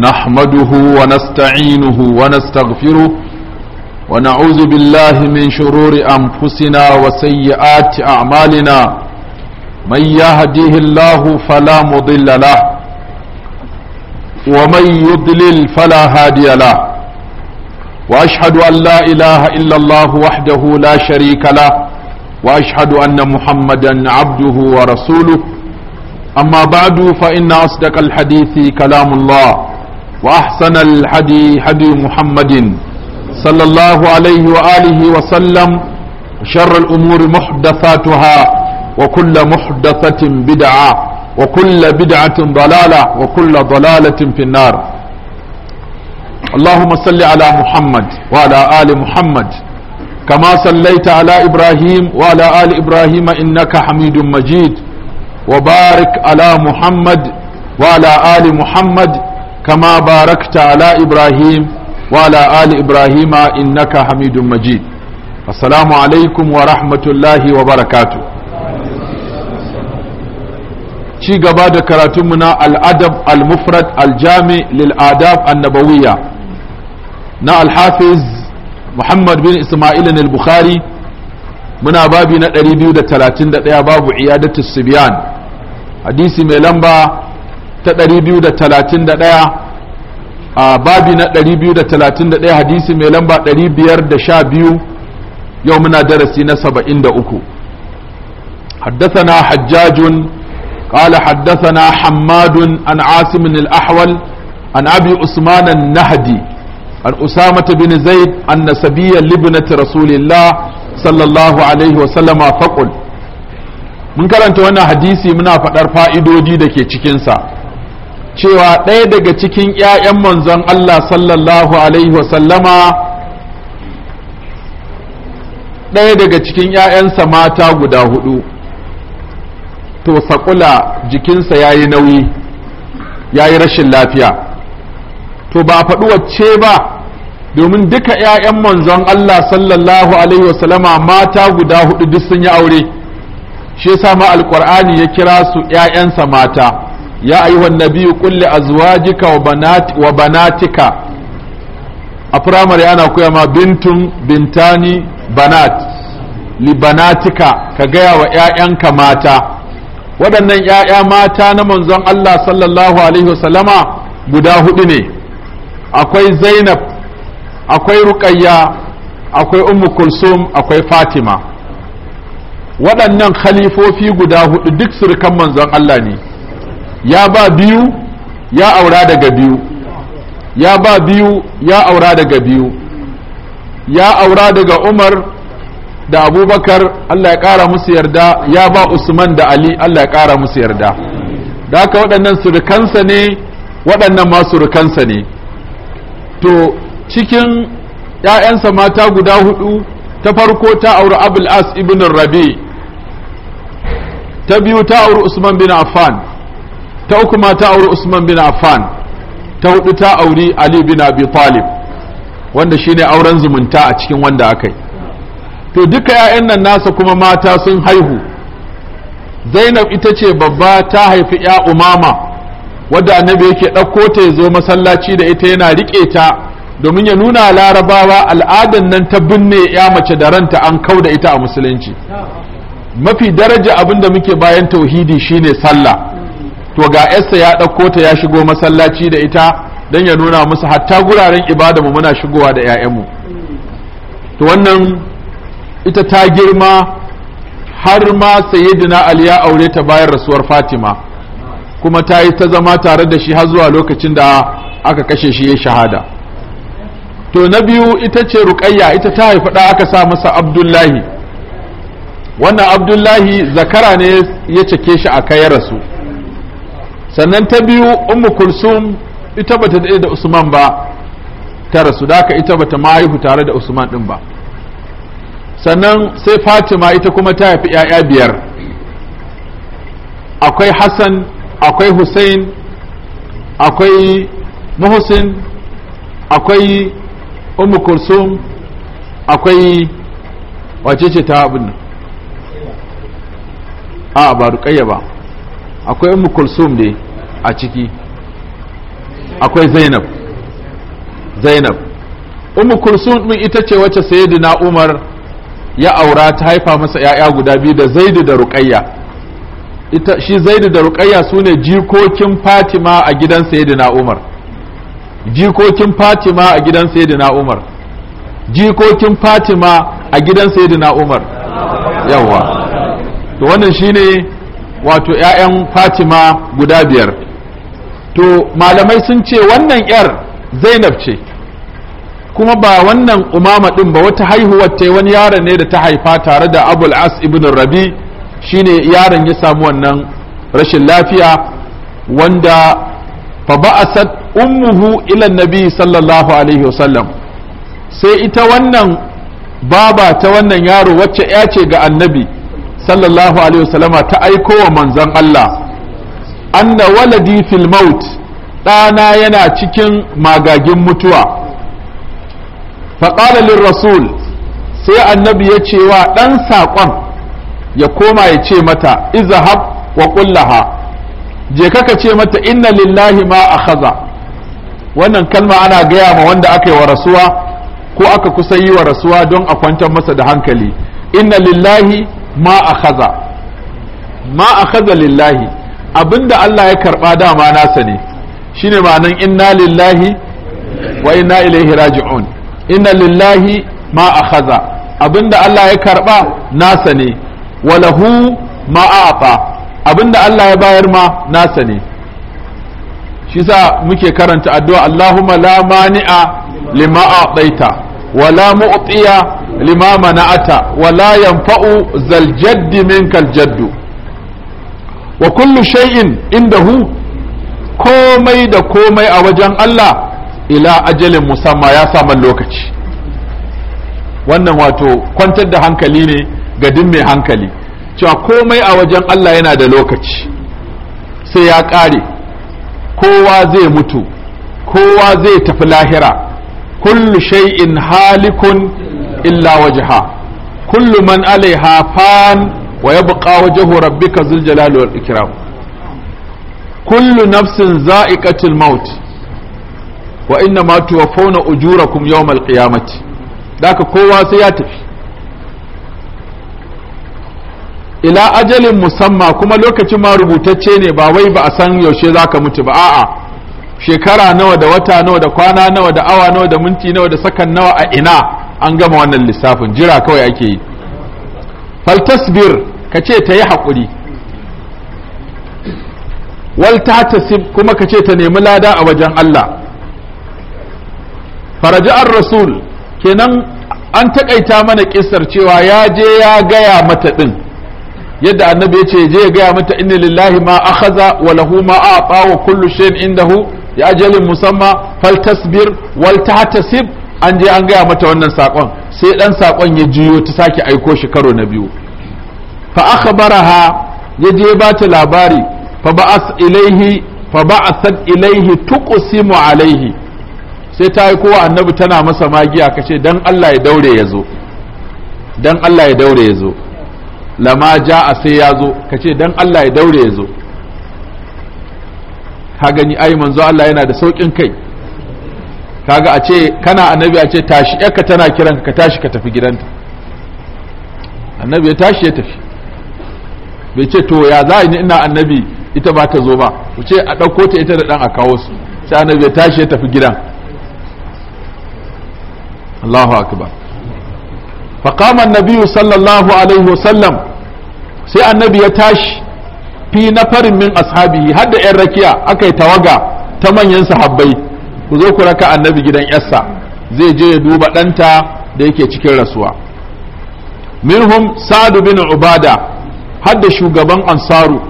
نحمده ونستعينه ونستغفره ونعوذ بالله من شرور أنفسنا وسيئات أعمالنا من يهديه الله فلا مضل له ومن يضلل فلا هادي له وأشهد أن لا إله إلا الله وحده لا شريك له وأشهد أن محمدا عبده ورسوله أما بعد فإن أصدق الحديث كلام الله وأحسن الحدي حدي محمد صلى الله عليه وآله وسلم شر الأمور محدثاتها وكل محدثة بدعة وكل بدعة ضلالة وكل ضلالة في النار اللهم صل على محمد وعلى آل محمد كما صليت على إبراهيم وعلى آل إبراهيم إنك حميد مجيد وبارك على محمد وعلى آل محمد كما باركت على إبراهيم وعلى آل إبراهيم إنك حميد مجيد السلام عليكم ورحمة الله وبركاته شي قبادة كراتمنا الأدب المفرد الجامع للآداب النبوية نا الحافظ محمد بن إسماعيل البخاري muna babi na 231 babu iyadatu subyan hadisi mai lamba ta 231 a babi na 231 hadisi mai lamba 512 yau muna darasi na 73 حدثنا حجاج قال حدثنا حماد عن عاصم الأحول عن أبي عثمان النهدي عن أسامة بن زيد أن سبي لابنة رسول الله صلى الله عليه وسلم فقل من كرنت وانا حديثي منا فدر فائدو دي دكي چكنسا cewa ɗaya daga cikin 'ya'yan manzon Allah sallallahu alaihi wasallama ɗaya daga cikin 'ya'yansa mata guda hudu to saƙula jikinsa ya yi nauyi ya yi rashin lafiya to ba faɗi wacce ba domin duka 'ya'yan manzon Allah sallallahu alaihi wasallama mata guda hudu duk sun yi aure shi alƙur'ani ya kira su 'ya'yansa mata ya ayi nabiyyu qul li azwajika wa wa banatika a primary ana koya ma bintun bintani banat li banatika ka gaya wa ƴaƴanka mata waɗannan ƴaƴa mata na manzon Allah sallallahu alaihi wasallama guda hudu ne akwai Zainab akwai Ruqayya akwai Ummu Kulsum akwai Fatima waɗannan khalifofi guda hudu duk surukan manzon Allah ne ya ba biyu ya aura daga biyu ya ba biyu ya aura daga biyu ya aura daga umar da abubakar allah ya ƙara musu yarda ya ba usman da ali allah ya ƙara musu yarda da haka waɗannan surukansa ne waɗannan ma surukansa ne to cikin ‘ya'yansa mata guda hudu ta farko ta auri abul as ibn rabi ta biyu ta auri usman bin affan ta uku ma ta auri Usman bin Affan ta hudu ta auri Ali bin Abi Talib wanda shine auren zumunta a cikin wanda aka yi to duka 'ya'yan nan nasa kuma mata sun haihu Zainab ita ce babba ta haifi 'ya umama wadda annabi yake ɗauko ta zo masallaci da ita yana riƙe ta domin ya nuna larabawa al'adan nan ta binne 'ya mace da ranta an kau da ita a musulunci mafi daraja abin da muke bayan tauhidi shine sallah to ga yarsa ya ɗauko ta ya shigo masallaci da ita don ya nuna musu hatta guraren ibada mu muna shigowa da 'ya'yanmu to wannan ita ta girma har ma sayyidina ali ya aure ta bayan rasuwar fatima kuma ta yi ta zama tare da shi har zuwa lokacin da aka kashe shi ya shahada to na biyu ita ce rukayya ita ta haifi da aka sa masa abdullahi wannan abdullahi zakara ne ya cike shi a kai rasu sannan ta biyu ummu kulsum ita bata daɗe da usman ba ta rasu da haka ita bata mahaihu tare da usman din ba sannan sai fatima ita kuma ta haifi 'ya'ya biyar akwai hassan akwai hussein akwai muhsin akwai ummu kulsum akwai wace ce ta abin nan a ba ba akwai ummu kulsum ne a ciki akwai zainab zainab ummu kulsum din ita ce wacce sayyidina umar ya aura ta haifa masa ya'ya guda biyu da zaidu da ruqayya ita shi zaidu da ruqayya sune jikokin fatima a gidan sayyidina umar jikokin fatima a gidan sayyidina umar jikokin fatima a gidan sayyidina umar yawa to wannan shine wato 'ya'yan fatima guda biyar to malamai sun ce wannan 'yar zainab ce kuma ba wannan umama ɗin ba wata haihuwar ta wani yaron ne da ta haifa tare da abul as ibn rabi shine yaron ya samu wannan rashin lafiya wanda fa ba'asat ummuhu ila nabi sallallahu alaihi wasallam sai ita wannan baba ta wannan yaro wacce ya ce ga annabi sallallahu alaihi wasallama ta aiko wa manzon Allah anna waladi fil maut ɗana yana cikin magagin mutuwa faƙalalin rasul sai annabi ya ce wa ɗan saƙon ya koma ya ce mata izahab wa ƙullaha je kaka ce mata inna lillahi ma a wannan kalma ana gaya ma wanda aka yi wa rasuwa ko aka kusa yi wa rasuwa don a kwantar masa da hankali inna lillahi ma akhadha ma akhadha lillahi abinda Allah ya karba dama nasa ne shine ma'anan inna lillahi wa inna ilaihi raji'un inna lillahi ma akhadha abinda Allah ya karba nasa ne wa lahu ma a'ata abinda Allah ya bayar ma nasa ne shi sa muke karanta addu'a Allahumma la mani'a lima a'taita wa la mu'tiya limama na ata wala yanfa'u zal jaddi minkal jaddu wa kullu shay'in indahu komai da komai a wajen Allah ila ajalin musamma ya samu lokaci wannan wato kwantar da hankali ne ga din mai hankali cewa komai a wajen Allah yana da lokaci sai ya ƙare kowa zai mutu kowa zai tafi lahira kullu shay'in halikun illa wajha كل من عليها فان wa وجه ربك ذو الجلال والإكرام كل نفس زائقة nafsin وإنما توفون wa يوم ma ذاك ujurakum yawmal kowa sai ya tafi ila ajalin musamma kuma lokacin ma rubutacce ne ba wai ba a san yaushe zaka mutu ba a'a shekara nawa da wata nawa da kwana nawa da awa nawa da minti nawa da sakan nawa a ina an gama wannan lissafin jira kawai ake yi faltasbir ka ce ta yi haƙuri walta tasib kuma ka ce ta nemi lada a wajen Allah Faraji'ar rasul kenan an taƙaita mana ƙisar cewa ya je ya gaya mata ɗin yadda annabi ya ce je ya gaya mata inna lillahi ma akhaza wa lahu ma a'ta wa kullu shay'in indahu ya ajalin musamma faltasbir wal tahtasib an je an gaya mata wannan sakon sai dan sakon ya jiyo ta sake aiko shi karo na biyu fa akhbaraha ya je ba ta labari fa ba'as ilaihi fa ba'asat ilaihi tuqsimu alaihi sai ta yi kowa annabi tana masa magiya kace dan Allah ya daure ya zo dan Allah ya daure ya zo lama ja'a sai ya zo kace dan Allah ya daure ya zo ka gani ai manzo Allah yana da saukin kai kaga a ce kana annabi a ce tashi ka tana kiran ka tashi ka tafi gidanta annabi ya tashi ya tafi bai ce to ya za ni ina annabi ita ba ta zo ba ku ce a ɗauko ta ita da ɗan a kawo su sai annabi ya tashi ya tafi gidan Allahu akbar فقام النبي صلى الله عليه sai annabi ya tashi fi na farin min ashabihi har da yan rakiya aka yi tawaga ta manyan sahabbai ku zo ku raka annabi gidan yarsa zai je ya duba ɗanta da yake cikin rasuwa minhum sa'adu bin ubada har shugaban ansaru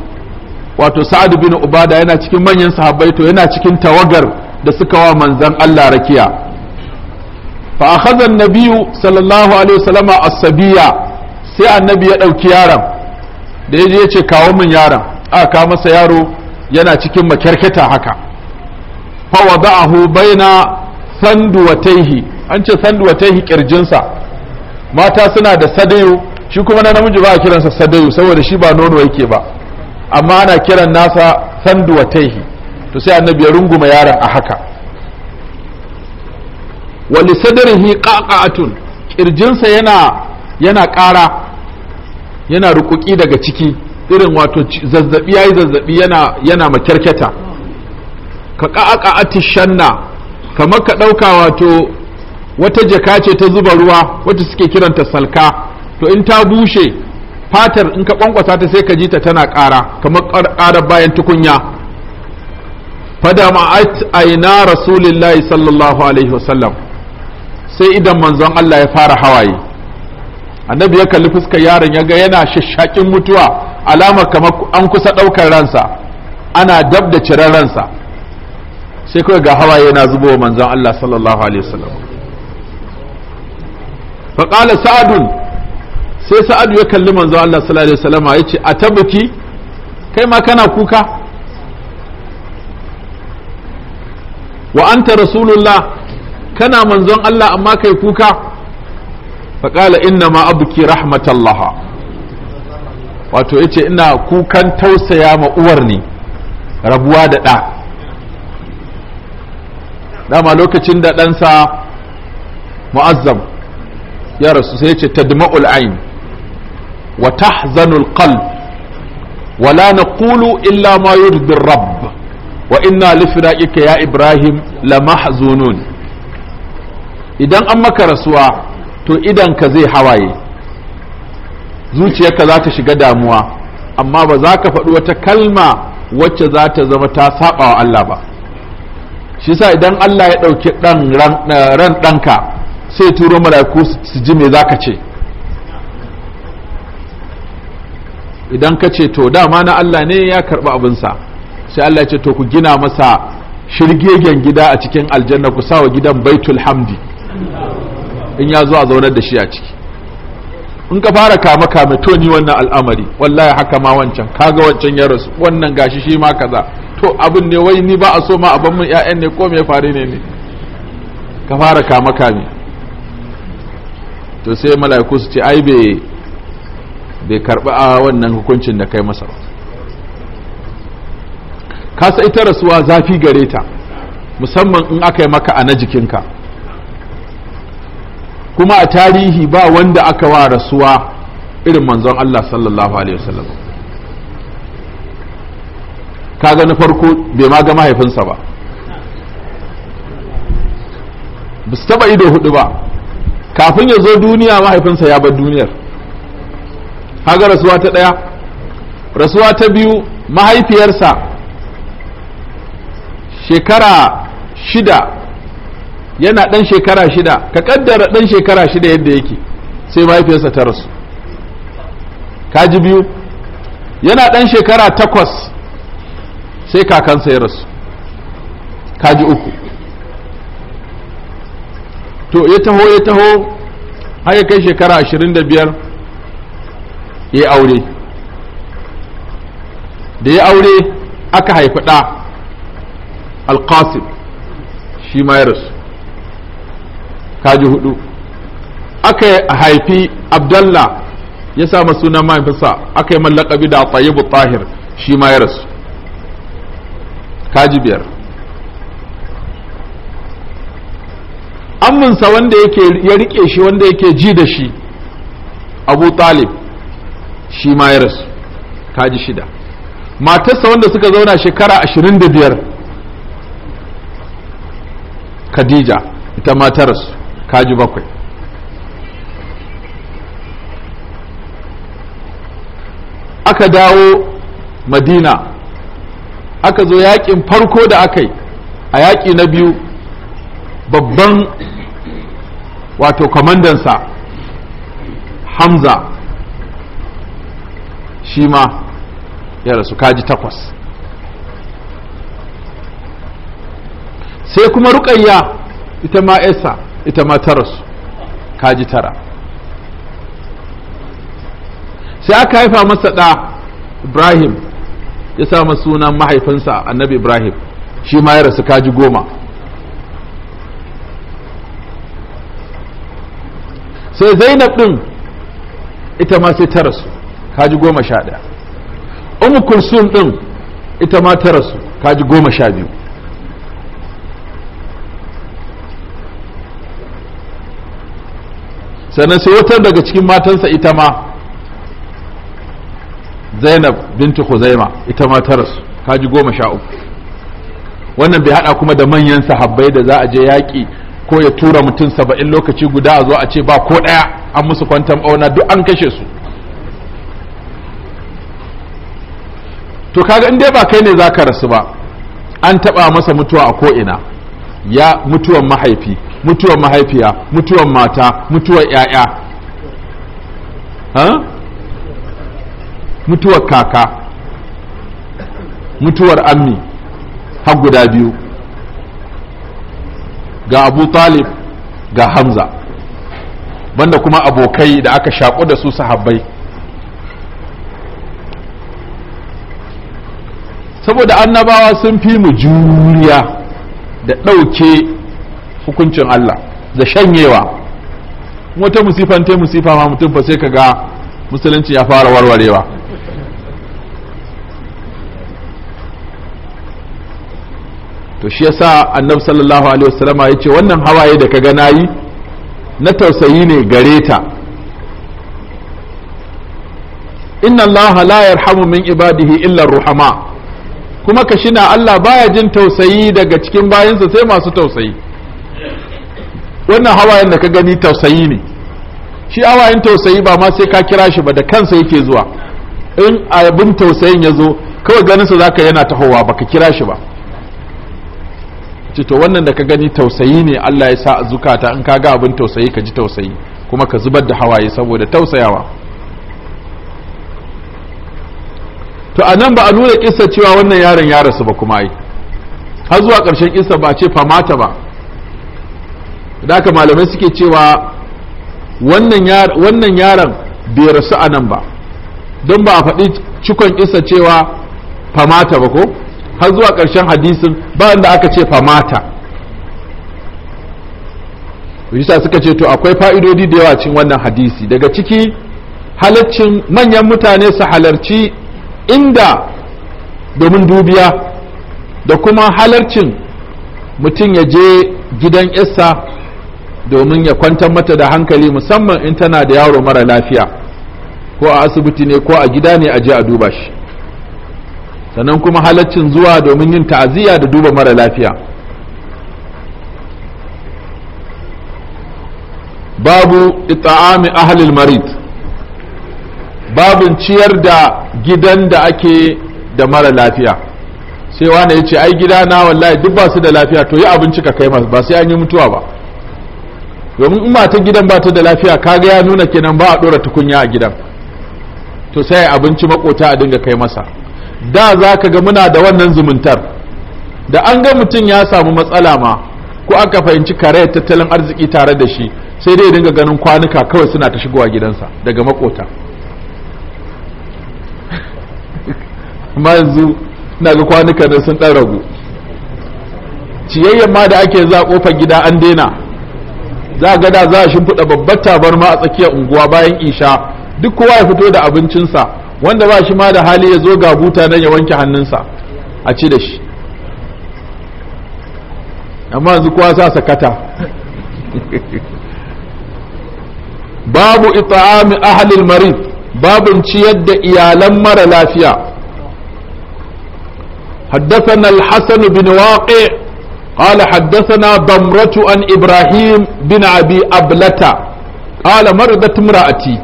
wato sa'adu bin ubada yana cikin manyan sahabbai to yana cikin tawagar da suka wa manzan Allah rakiya fa akhadha an nabiy sallallahu alaihi wasallama as-sabiya sai annabi ya dauki yaron da yaje ya ce kawo min yaron aka masa yaro yana cikin makyarketa haka fa wada'ahu baina sanduwataihi an ce sanduwataihi kirjinsa mata suna da sadayu shi kuma na namiji ba a kiransa sadayu saboda shi ba nono yake ba amma ana kiran nasa sanduwataihi to sai annabi ya runguma yaron a haka wali sadrihi qaqa'atun kirjinsa yana yana ƙara yana rukuki daga ciki irin wato zazzabi yayi zazzabi yana yana makyarketa ka ƙa'aƙa tishanna, kamar ka ɗauka wato wata jaka ce ta zuba ruwa wata suke kiranta salka to in ta bushe fatar in ka ƙwanƙwasa ta sai ka ji ta tana ƙara kamar ƙarar bayan tukunya fadama'at aina rasulillahi sallallahu alaihi wasallam sai idan manzon Allah ya fara hawaye annabi ya kalli fuskar yaron ya ga yana shashakin mutuwa alamar kamar an kusa ɗaukar ransa ana dab da ciren ransa sai kawai ga hawaye yana wa manzon Allah sallallahu alaihi wasallam fa qala sa'adun sai sa'adu ya kalli manzon Allah sallallahu alaihi wasallam yace atabuki kai ma kana kuka wa anta rasulullah kana manzon Allah amma kai kuka fa qala inna ma abki rahmatallah wato yace ina kukan tausaya ma uwar ne rabuwa da ɗa dama lokacin da ɗansa mu'azzam ya rasu sai ce tadma'ul ain wa tahzanul qalb wa la naqulu illa ma yurdi rabb wa inna li firaqika ya ibrahim la mahzunun idan an maka rasuwa to idan ka zai hawaye zuciyarka za ta shiga damuwa amma ba za ka faɗi wata kalma wacce za ta zama ta saɓa wa Allah ba shi sa idan Allah ya ɗauki ɗan ran eh, ɗanka sai turo mala'iku su ji me zaka ce idan ka ce to dama na Allah ne ya karɓi abinsa sai Allah ya ce to ku gina masa shirgegen gida a cikin aljanna ku sawa gidan baitul hamdi in ya zo a zaunar da shi a ciki in ka fara kama kame to ni wannan al'amari wallahi haka ma wancan kaga wancan ya rasu wannan gashi shi ma kaza to abin ne wai ni ba a so ma ban mun ƴaƴan ne ko me ya faru ne ne ka fara kama kame to sai mala'iku su ce ai bai bai karɓi a wannan hukuncin da kai masa ka sai ita rasuwa zafi gare ta musamman in aka yi maka a na jikinka kuma a tarihi ba wanda aka wa rasuwa irin manzon Allah sallallahu alaihi wasallam kaga na farko bai ma ga mahaifinsa ba ba su taba ido hudu ba kafin ya zo duniya mahaifinsa ya bar duniyar kaga rasuwa ta ɗaya rasuwa ta biyu mahaifiyarsa shekara shida yana ɗan shekara shida ka ƙaddara ɗan shekara shida yadda yake sai mahaifiyarsa ta rasu kaji biyu yana ɗan shekara takwas sai kakansa ya rasu kaji uku to ya taho ya taho har kai shekara ashirin da biyar ya aure da ya aure aka haifi ɗa alƙasir shi ma ya rasu kaji hudu aka haifi abdallah ya sa suna mahaifinsa aka yi mallakabi da tsayibu tahir shi ma ya rasu kaji biyar amminsa wanda yake ya rike shi wanda yake ji da shi abu talib shi ma ya rasu kaji shida matarsa wanda suka zauna shekara ashirin da biyar khadija ita ma ta rasu kaji bakwai aka dawo madina aka zo yakin farko da aka yi a yaƙi na biyu babban wato kwamandansa hamza shi ma ya rasu kaji takwas sai kuma rukayya ita ma esa ita ma ta rasu kaji tara sai aka haifa masa ɗa ibrahim ya sa sunan mahaifinsa annabi ibrahim shi ma ya rasu kaji goma sai zainab din ita ma sai ta rasu kaji goma sha ɗaya umu kursun din ita ma ta rasu kaji goma sha biyu sannan sai wata daga cikin matansa ita ma zainab bintu huzaima ita ma ta rasu kaji goma sha uku wannan bai hada kuma da manyan sahabbai da za a je yaƙi ko ya tura mutum saba'in lokaci guda a zo a ce ba ko ɗaya an musu kwantan ɓauna duk an kashe su to kaga in dai ba kai ne za ka rasu ba an taɓa masa mutuwa a ko'ina ya mutuwan mahaifi mutuwan mahaifiya mutuwan mata mutuwan 'ya'ya mutuwar kaka mutuwar ammi har guda biyu ga abu talib ga hamza banda kuma abokai da aka shaƙo da su sahabbai saboda annabawa sun fi mu juriya da ɗauke hukuncin Allah da shanyewa wata musifanta ta musifa ma mutum fa sai ka ga musulunci ya fara warwarewa to shi yasa annabi sallallahu alaihi wasallama yace wannan hawaye da kaga nayi na tausayi ne gare ta inna allaha la yarhamu min ibadihi illa ruhama kuma ka shina Allah baya jin tausayi daga cikin bayansa sai masu tausayi wannan hawayen da ka gani tausayi ne shi hawayen tausayi ba ma sai ka kira shi ba da kansa yake zuwa in abin tausayin ya zo kawai ganinsa zaka yana tahowa baka kira shi ba ce wannan da ka gani tausayi ne Allah ya sa a zukata in ka ga abin tausayi ka ji tausayi kuma ka zubar da hawaye saboda tausayawa to a nan ba a nuna kisa cewa wannan yaron ya rasu ba kuma yi har zuwa ƙarshen kisa ba ce famata ba da haka malamai suke cewa wannan yaron bai rasu a nan ba don ba a faɗi cikon kisa cewa famata ba ko har zuwa ƙarshen hadisin ba da aka ce famata yasa suka ce to akwai fa'idodi da yawa cin wannan hadisi daga ciki halaccin manyan mutane su halarci inda domin dubiya da kuma halarcin mutum ya je gidan isa domin ya kwantar mata da hankali musamman in tana da yaro mara lafiya ko a asibiti ne ko a gida ne a je a duba shi sannan kuma halaccin zuwa domin yin ta'aziyya da duba mara lafiya babu ita'ami ahalil marid babin ciyar da gidan da ake da mara lafiya sai wane ya ce ai gida na wallahi duk ba su da lafiya to yi abinci ka kai masu ba sai an yi mutuwa ba domin in ta gidan ba ta da lafiya kaga ya nuna kenan ba a dora tukunya a gidan to sai abinci makota a dinga kai masa da za ka ga muna da wannan zumuntar da an ga mutum ya samu matsala ma ko aka fahimci kare tattalin arziki tare da shi sai dai dinga ganin kwanuka kawai suna ta shigowa gidansa daga makota amma yanzu na ga kwanuka da sun ɗan ragu ciyayyen ma da ake za kofar gida an daina za ga da za a shimfiɗa babbar tabarma a tsakiyar unguwa bayan isha duk kowa ya fito da abincinsa wanda ba shi ma da hali ya zo ga buta nan ya wanke hannunsa a ci da shi amma yanzu kowa sa sakata babu ita'ami ahlil marid babun ciyar da iyalan mara lafiya حدثنا الحسن بن واقع قال حدثنا ضمرة عن إبراهيم بن أبي أبلة قال مرضت امرأتي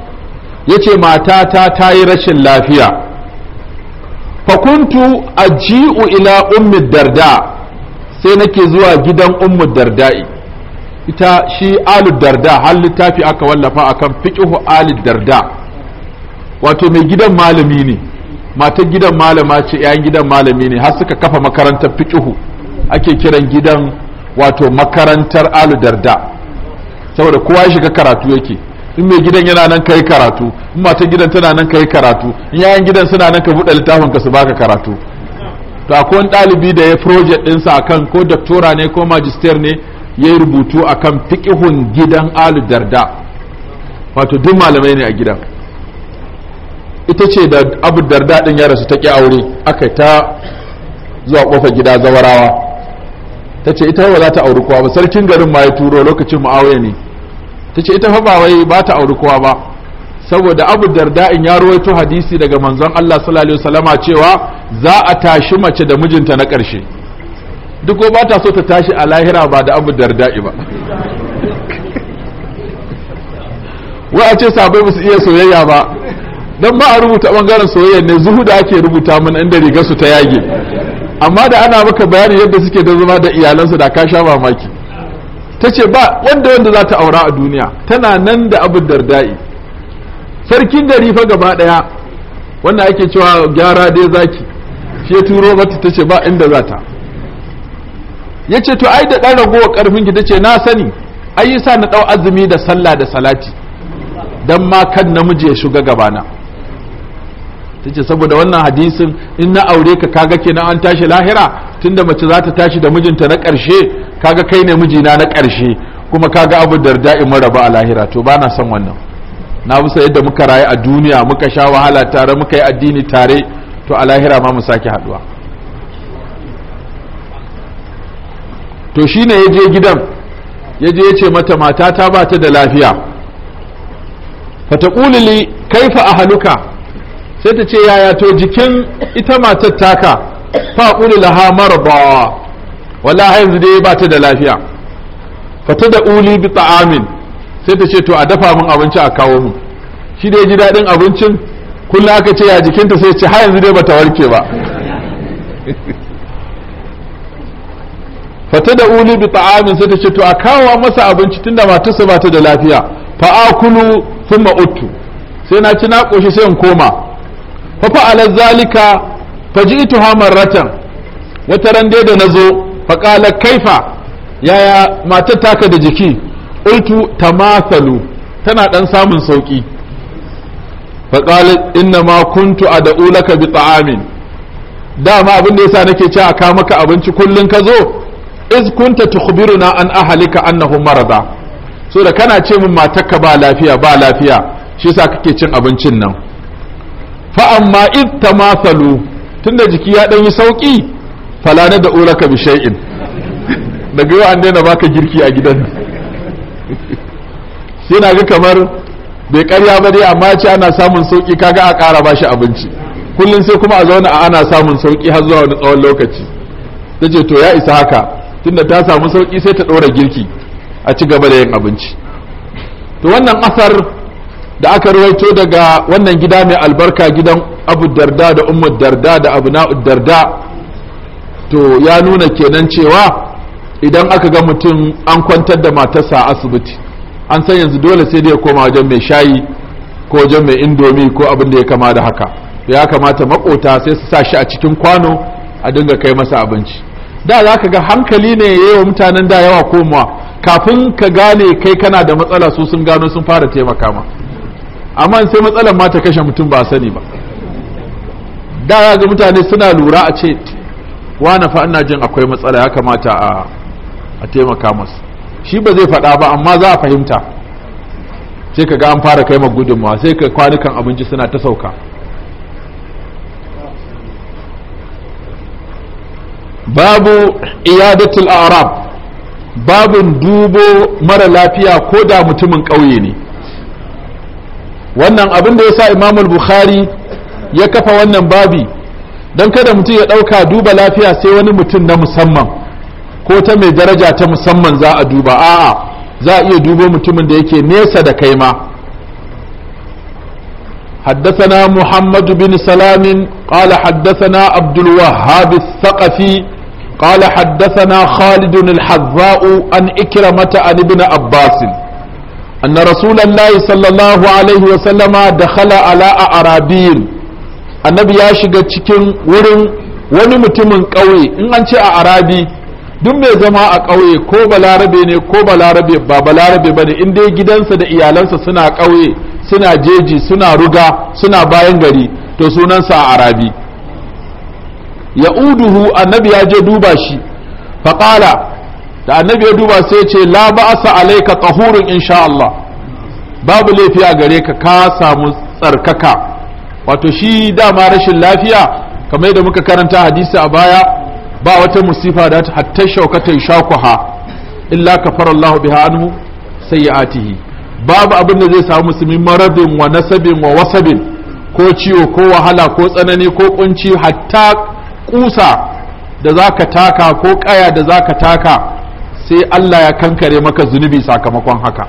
yace matata ta yi rashin lafiya fakuntu ji'u ila ummi darda sai nake zuwa gidan umar darda'i ita shi alu darda har littafi aka wallafa akan fiqhu alu darda wato mai gidan malami ne matar gidan malama ce 'ya'yan gidan malami ne har suka kafa makarantar fiqhu ake kiran gidan wato makarantar alu darda saboda kowa ya shiga karatu yake in mai gidan yana nan kai karatu in matan gidan tana nan kai karatu in yayan gidan suna nan ka buɗe littafin ka su baka karatu to akwai wani ɗalibi da ya project sa akan ko doctora ne ko magister ne ya yi rubutu akan fiƙihun gidan alu darda wato duk malamai ne a gidan ita ce da abu darda ɗin ya rasu ta ƙi aure aka ta zuwa ƙofar gida zawarawa ta ce ita ba za ta auri kowa ba sarkin garin ma ya turo lokacin ma'auya ne ta ce ita fa ba wai ba ta auri kowa ba saboda abu darda'in ya ruwaito hadisi daga manzon Allah sallallahu alaihi wasallama cewa za a tashi mace da mijinta na ƙarshe duk ba ta so ta tashi a lahira ba da abu darda'i ba wai a ce sabai ba iya soyayya ba dan ba a rubuta bangaren soyayya ne zuhu da ake rubuta mana inda rigar su ta yage amma da ana maka bayani yadda suke da zama da iyalansu da ka sha mamaki ta ce ba wanda wanda za ta aura a duniya tana nan da abu dardai sarkin gari fa gaba daya wanda ake cewa gyara dai zaki shi ya turo mata ta ce ba inda za ta ya ce to ai da ɗan ragowa ƙarfin ki ta ce na sani ai sa na ɗau azumi da sallah da salati don ma kan namiji ya shiga gabana ta ce saboda wannan hadisin in na aure ka kaga kenan an tashi lahira tunda mace za ta tashi da mijinta na ƙarshe kaga kai ne mijina na ƙarshe kuma kaga abu darda in maraba a lahira to ba na son wannan na bisa yadda muka rayu a duniya muka sha wahala tare muka yi addini tare to a lahira ma mu sake haduwa to shine ya je gidan ya je ya ce mata mata ta ba ta da lafiya fataƙulili kaifa a haluka sai ta ce yaya to jikin ita matar taka fa faƙuli laha marabawa wallahi yanzu dai ba ta da lafiya fata da uli bi ta'amin sai ta ce to a dafa mun abinci a kawo mu shi dai ji daɗin abincin kullum aka ce ya jikinta sai ce har yanzu dai ba ta warke ba fata da uli bi ta'amin sai ta ce to a kawo masa abinci tunda matarsa ba ta da lafiya fa akulu thumma uttu sai na ci na koshi sai in koma fa fa ala zalika faji'tuha marratan wata ran dai da nazo faƙalar kaifa yaya matar taka da jiki ultu tamasalu tana ɗan samun sauƙi faƙalar inna ma kuntu a da ulaka bi ta'amin dama abin da yasa nake cewa ka maka abinci kullum ka zo iz kunta tukhbiruna an ahalika annahum marada so da kana ce min matarka ba lafiya ba lafiya shi yasa kake cin abincin nan fa amma iz tamasalu tunda jiki ya ɗan yi sauƙi Falane da ulaka bi shay'in daga yau an daina baka girki a gidan sai na ga kamar bai karya ba dai amma ce ana samun sauki kaga a ƙara bashi abinci kullum sai kuma a zauna a ana samun sauki har zuwa wani tsawon lokaci ta ce to ya isa haka tunda ta samu sauki sai ta ɗora girki a ci gaba da yin abinci to wannan asar da aka rawaito daga wannan gida mai albarka gidan abu darda da ummu darda da abu Na'ud darda to ya nuna kenan cewa idan aka ga mutum an kwantar da matarsa a asibiti an san yanzu dole sai dai ya koma wajen mai shayi ko wajen mai indomi ko abin da ya kama da haka ya kamata makota sai su sa shi a cikin kwano a dinga kai masa abinci da za ka ga hankali ne ya wa mutanen da yawa komawa kafin ka gane kai kana da matsala su sun gano sun fara taimaka ma amma sai matsalar ma ta kashe mutum ba sani ba da ga mutane suna lura a ce wani fa ina jin akwai matsala ya kamata a taimaka masu shi ba zai faɗa ba amma za a fahimta sai ka ga an fara kai gudunmawa sai ka kwanukan abinci suna ta sauka babu iyadatul arab babin dubo mara lafiya ko da mutumin ƙauye ne wannan abin da ya sa imamul bukhari ya kafa wannan babi don kada mutum ya ɗauka duba lafiya sai wani mutum na musamman ko ta mai daraja ta musamman za a duba a'a za a iya dubo mutumin da yake nesa da kai ma حدثنا محمد بن سلام قال حدثنا عبد الوهاب الثقفي قال حدثنا خالد الحذاء عن إكرمة عن ابن عباس أن رسول الله صلى الله عليه وسلم دخل على أعرابين annabi ya shiga cikin wurin wani mutumin ƙauye in an ce a arabi duk mai zama a ƙauye ko balarabe ne ko balarabe ba balarabe ba ne in dai gidansa da iyalansa suna ƙauye suna jeji suna ruga suna bayan gari to sunansa a arabi ya uduhu annabi ya je duba shi faƙala da annabi ya duba sai ce la ba'asa alaika tahurun insha Allah babu laifi a gare ka ka samu tsarkaka wato shi dama rashin lafiya kamar yadda muka karanta hadisi a baya ba wata musifa da ta hatta shaukata shakuha illa kafara Allah biha anhu sayyi'atihi babu abin da zai samu musulmi maradin wa nasabin wa wasabin ko ciwo ko wahala ko tsanani ko kunci hatta kusa da zaka taka ko kaya da zaka taka sai Allah ya kankare maka zunubi sakamakon haka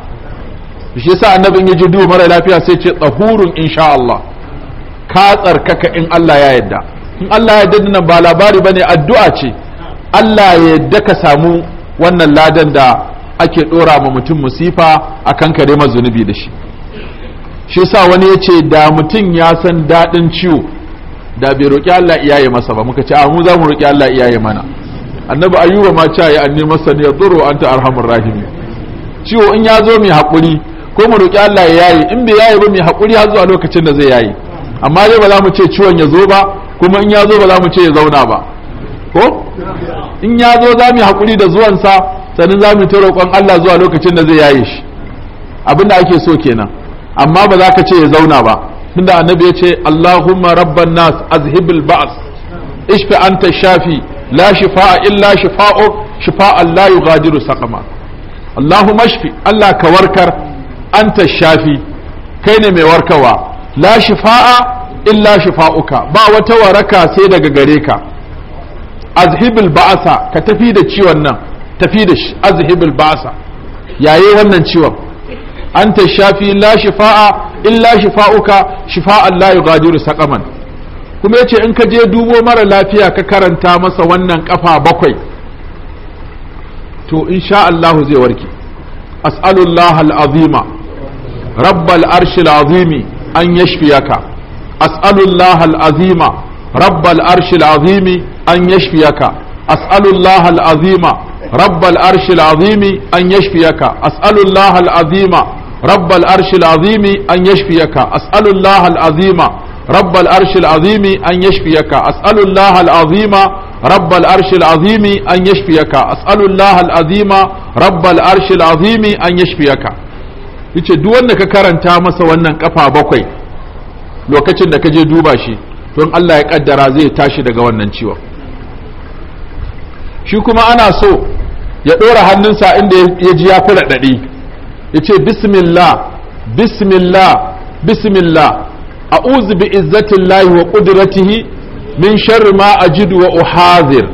shi yasa annabin ya ji duwa mara lafiya sai ce tsahurun insha Allah ka tsarkaka in Allah ya yadda in Allah ya yadda nan ba labari bane addu'a ce Allah ya yadda ka samu wannan ladan da ake dora ma mutum musifa a kan kare zunubi da shi shi sa wani ya ce da mutum ya san daɗin ciwo da bai roƙi Allah iyaye masa ba muka ce a mu za mu roƙi Allah iyaye mana annabi Ayuba ma ce ya annima masa ya yadurru anta arhamur rahim ciwo in ya zo mai haƙuri ko mu roƙi Allah ya yaye in bai yaye ba mai hakuri har zuwa lokacin da zai yaye amma dai ba za mu ce ciwon ya zo ba kuma in ya zo ba za mu ce ya zauna ba ko in ya zo za mu haƙuri da zuwansa sannan za mu ta roƙon Allah zuwa lokacin da zai yaye shi abinda ake so kenan amma ba za ka ce ya zauna ba tunda annabi ya ce Allahumma rabban nas azhibil ba's ishfi anta shafi la shifa'a illa shifa'u shifa'an la yughadiru saqama Allahumma shfi Allah ka warkar anta shafi kai ne mai warkarwa la shifa'a illa shifa'uka ba wata waraka sai daga gare ka azhibil ba'asa ka tafi da ciwon nan tafi da shi azhibil ba'asa yaye wannan ciwon anta shafi la shifa'a illa shifa'uka shifa'an la yughadiru saqaman kuma yace in ka je dubo mara lafiya ka karanta masa wannan kafa bakwai to insha zai warke as'alullahi al-azima rabbal arshil azimi أن يشفيك أسأل الله العظيم رب الأرش العظيم أن يشفيك أسأل الله العظيم رب الأرش العظيم أن يشفيك أسأل الله العظيم رب الأرش العظيم أن يشفيك أسأل الله العظيم رب الأرش العظيم أن يشفيك أسأل الله العظيم رب الأرش العظيم أن يشفيك أسأل الله العظيم رب الأرش العظيم أن يشفيك yace duk wanda ka karanta masa wannan kafa bakwai lokacin da ka je duba shi don Allah ya kaddara zai tashi daga wannan ciwon shi kuma ana so ya ɗora hannunsa inda ya ji ya fi raɗaɗi ya ce bismillah bismillah bismillah a'udhu bi izzatillahi wa qudratihi min sharri ma ajidu wa uhazir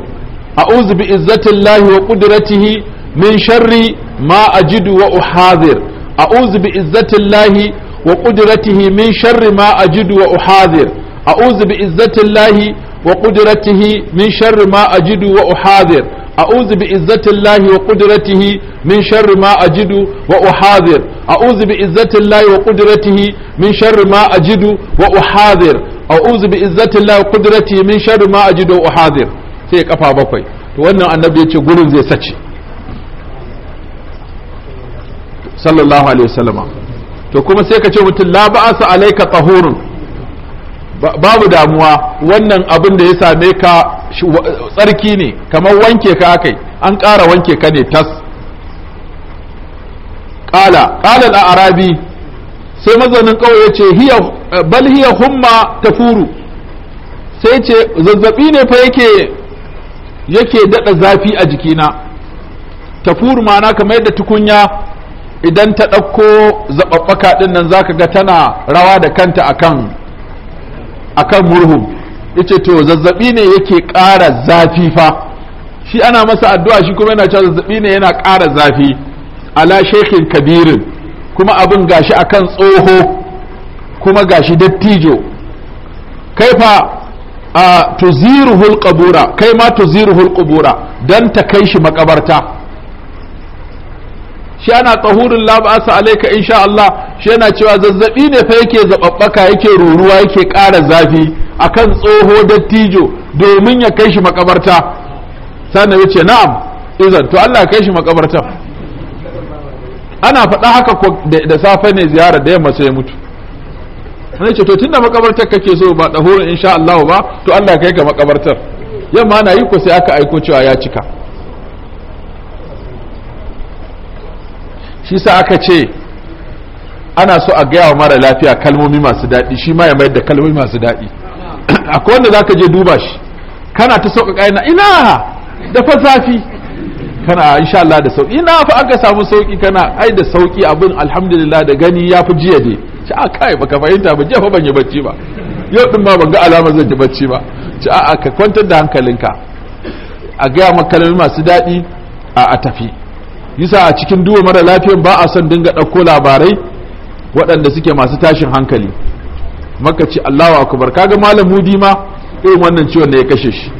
a'udhu bi izzatillahi wa qudratihi min sharri ma ajidu wa uhazir a'udhu bi izzatillahi wa qudratihi min sharri ma ajidu wa uhadhir a'udhu bi izzatillahi wa qudratihi min sharri ma ajidu wa uhadhir a'udhu bi izzatillahi wa qudratihi min sharri ma ajidu wa uhadhir a'udhu bi izzatillahi wa qudratihi min sharri ma ajidu wa uhadhir a'udhu bi izzatillahi wa qudratihi min sharri ma ajidu wa sai ƙafa bakwai to wannan annabi ce gurin zai sace sallallahu alaihi wasallama to kuma sai ka ce mutum la ba'asa alaika tahurun babu damuwa wannan abin da ya same ka tsarki ne kamar wanke ka akai an ƙara wanke ka ne tas ƙala ƙalan a arabi sai mazanin ƙauye ya ce bal hiya humma tafuru. furu sai ce zazzabi ne fa yake yake daɗa zafi a jikina tafuru mana kamar yadda tukunya idan ta ɗauko zaɓaɓɓaka ɗin nan za ka ga tana rawa da kanta akan kan murhu yace to zazzaɓi ne yake ƙara zafi fa shi ana masa addu'a shi kuma yana cewa zazzaɓi ne yana ƙara zafi ala shekin kabirin kuma abin gashi kan tsoho kuma gashi dattijo fa a tuziru hulƙabura kai ma tuziru hulƙabura don ta kai shi makabarta shi ana tsahurin la alaika in sha Allah shi yana cewa zazzabi ne fa yake zababbaka yake ruruwa yake ƙara zafi a kan tsoho dattijo domin ya kai shi makabarta sannan ya ce na'am izan to Allah kai shi makabarta ana faɗa haka da safe ne ziyara da yamma sai ya mutu sai ce to tunda makabartar kake so ba in sha Allah ba to Allah kai ka makabartar yamma na yi ko sai aka aiko cewa ya cika shi sa aka ce ana so a gaya wa mara lafiya kalmomi masu daɗi shi ma ya mayar da kalmomi masu daɗi akwai wanda za ka je duba shi kana ta sauƙaƙa ina ina da fa zafi kana insha Allah da sauƙi ina fa aka samu sauƙi kana ai da sauƙi abin alhamdulillah da gani ya fi jiya dai ci a kai baka fahimta ba jiya fa ban yi bacci ba yau din ma ban ga alamar zan ji bacci ba ci a ka kwantar da hankalinka a gaya maka kalmomi masu daɗi a tafi yasa a cikin duwa mara lafiyan ba a son dinga ɗauko labarai waɗanda suke masu tashin hankali maka ce Allahu akbar kaga malam hudi ma irin wannan ciwon ne ya kashe shi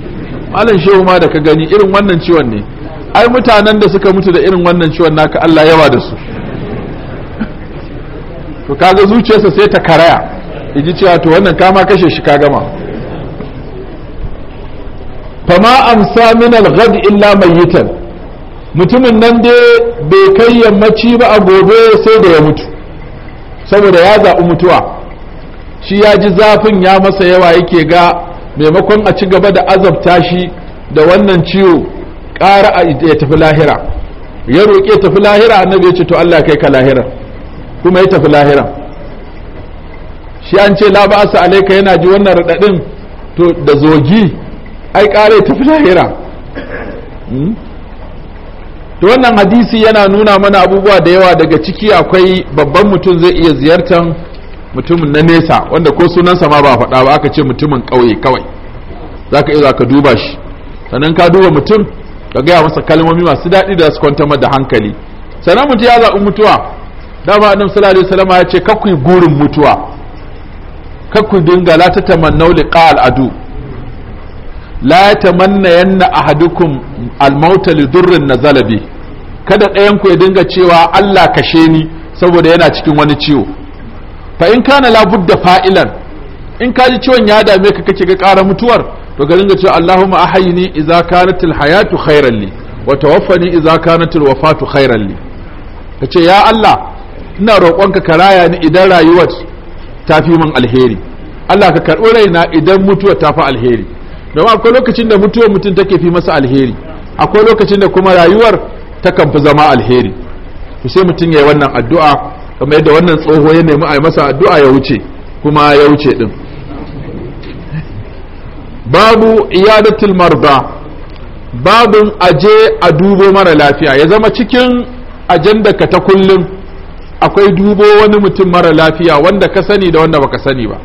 malam shehu ma da ka gani irin wannan ciwon ne ai mutanen da suka mutu da irin wannan ciwon naka Allah yawa da su to kaga zuciyarsa sai ta karaya yaji cewa to wannan kama kashe shi ka gama fama amsa min al-ghad illa mayitan mutumin nan dai bai kai yammaci ba a gobe sai da ya mutu saboda ya zaɓi mutuwa shi ya ji zafin ya masa yawa yake ga maimakon a ci gaba da azabta shi da wannan ciwo ƙara a ya tafi lahira ya roƙe tafi lahira annabi ya ce to Allah kai ka lahira kuma ya tafi lahira shi an ce labasa alaika yana ji wannan raɗaɗin to da zogi ai ƙara ya tafi lahira hmm? to wannan hadisi yana nuna mana abubuwa da yawa daga ciki akwai babban mutum zai iya ziyartar mutumin na nesa wanda ko sunansa ma ba faɗa ba aka ce mutumin ƙauye kawai za ka iya ka duba shi sannan ka duba mutum ka gaya masa kalmomi masu daɗi da su kwantar da hankali sannan mutum ya zaɓi mutuwa dama annabi sallallahu alaihi wasallam ya ce kakwai gurin mutuwa kakwai dinga la tatamannu liqa al adu la tamanna yanna ahadukum almauta li durrin nazala kada ɗayan ku ya dinga cewa Allah kashe ni saboda yana cikin wani ciwo fa in kana labudda fa'ilan in ka ji ciwon ya dame ka kake ga ƙara mutuwar to ka dinga cewa Allahumma ahayni idza kanatil hayatu khairan li wa tawaffani idza kanatil wafatu khairan li kace ya Allah ina roƙonka ka karaya ni idan rayuwar ta fi min alheri Allah ka karɓi raina idan mutuwar ta fi alheri domin akwai lokacin da mutuwar mutum take fi masa alheri akwai lokacin da kuma rayuwar takan fi zama alheri to sai mutum ya yi wannan addu'a kuma yadda wannan tsoho ya nemi a yi masa addu'a ya wuce kuma ya wuce din babu iyadatul marda babin aje a dubo mara lafiya ya zama cikin ajanda ka ta kullum akwai dubo wani mutum mara lafiya wanda ka sani da wanda baka sani ba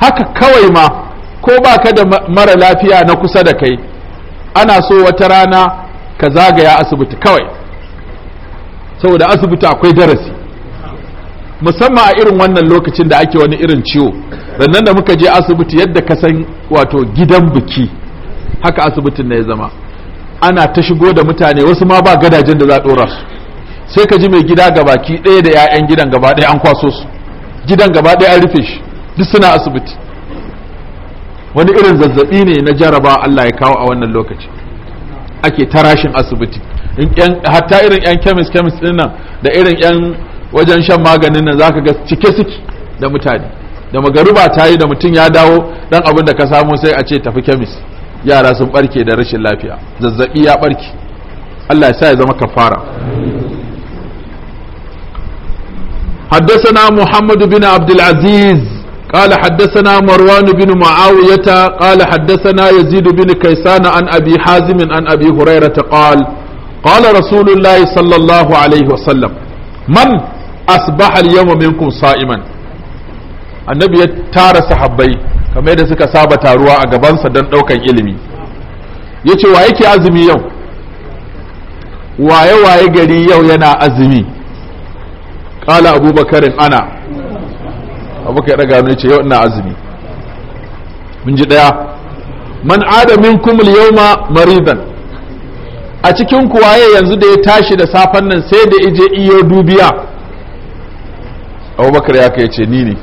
haka kawai ma ko ba ka da mara lafiya na kusa da kai ana so wata rana ka zagaya asibiti kawai saboda asibiti akwai darasi musamman a irin wannan lokacin da ake wani irin ciwo rannan da muka je asibiti yadda ka san wato gidan biki haka asibitin na ya zama ana ta shigo da mutane wasu ma ba gadajen da za a su sai ka ji mai gida ga baki ɗaya da 'ya'yan gidan gaba ɗaya an kwaso su gidan gaba ɗaya an rufe shi duk suna asibiti wani irin zazzabi ne na jaraba Allah ya kawo a wannan lokaci ake tarashin asibiti hatta irin yan kemis kemis din nan da irin yan wajen shan maganin nan zaka ga cike ciki da mutane da magaruba ta yi da mutum ya dawo dan abin da ka samu sai a ce tafi kemis yara sun barke da rashin lafiya zazzabi ya barke Allah ya sa ya zama kafara حدثنا محمد بن عبد العزيز قال حدثنا مروان بن معاوية قال حدثنا يزيد بن كيسان عن أبي حازم عن أبي هريرة قال قال رسول الله صلى الله عليه وسلم من أصبح اليوم منكم صائما النبي تار صحابي كما يدى سكا سابة تاروا أقبان سدن دوكا إلمي يتي وايكي أزمي يوم واي واي قري يوم ينا أزمي قال أبو بكر أنا abu kai daga hannu ce yau ina azumi mun ji daya man adamin kumul yauma maridan a cikin kuwaye yanzu da ya tashi da safan nan sai da ije iyo dubiya abubakar ya kai ce ni ne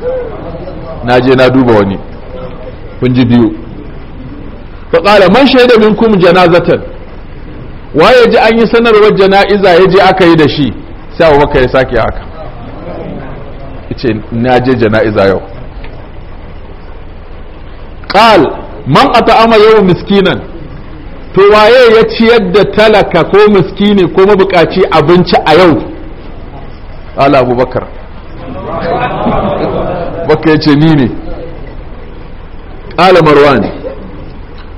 na je na duba wani kun ji biyu faƙala man shaida minkum janazatan waye ji an yi sanarwar jana'iza ya je aka yi da shi sai abubakar ya sake haka ce na je jana'iza yau qal man at'ama yau miskinan to waye ya ciyar da talaka ko miskini ko mabukaci abinci a yau ala abubakar ya ce ni ne ala marwan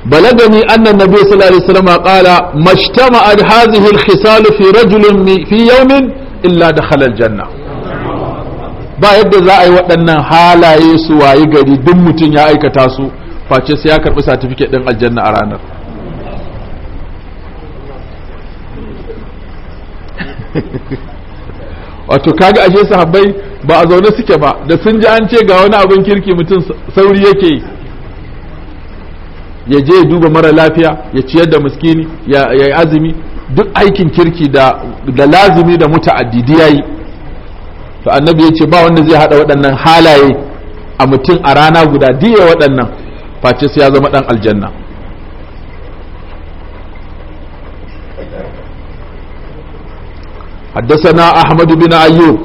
balagani annan nabi sallallahu alaihi wasallam qala mashtama hadhihi al-khisal fi rajulin fi illa dakhala al-janna ba yadda za a yi waɗannan halaye su wayi gari duk mutum ya aikata su face sai ya karɓi satifiket ɗin aljanna a ranar wato kaga ashe sahabbai ba a zaune suke ba da sun ji an ce ga wani abin kirki mutum sauri yake ya je ya duba mara lafiya ya ciyar da muskini ya yi azumi duk aikin kirki da lazumi da muta'addidi yi. to annabi ya ce ba wanda zai haɗa waɗannan halaye a mutum a rana guda diya waɗannan face sai ya zama ɗan aljanna حدثنا أحمد بن أيوب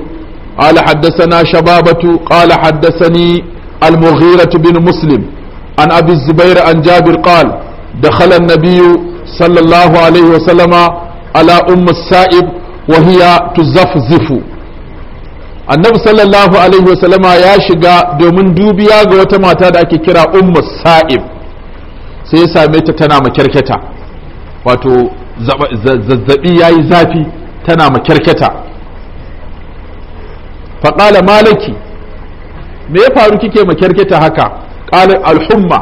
قال حدثنا شبابة قال حدثني المغيرة بن مسلم عن أبي الزبير عن جابر قال دخل النبي صلى الله عليه وسلم على أم السائب وهي تزفزف annabi sallallahu alaihi wasallama ya shiga domin dubiya ga wata mata da ake kira ummu sa'ib sai ya same ta tana makyarketa wato zazzabi ya yi zafi tana makyarketa faƙala malaki me ya faru kike makyarketa haka ƙala alhumma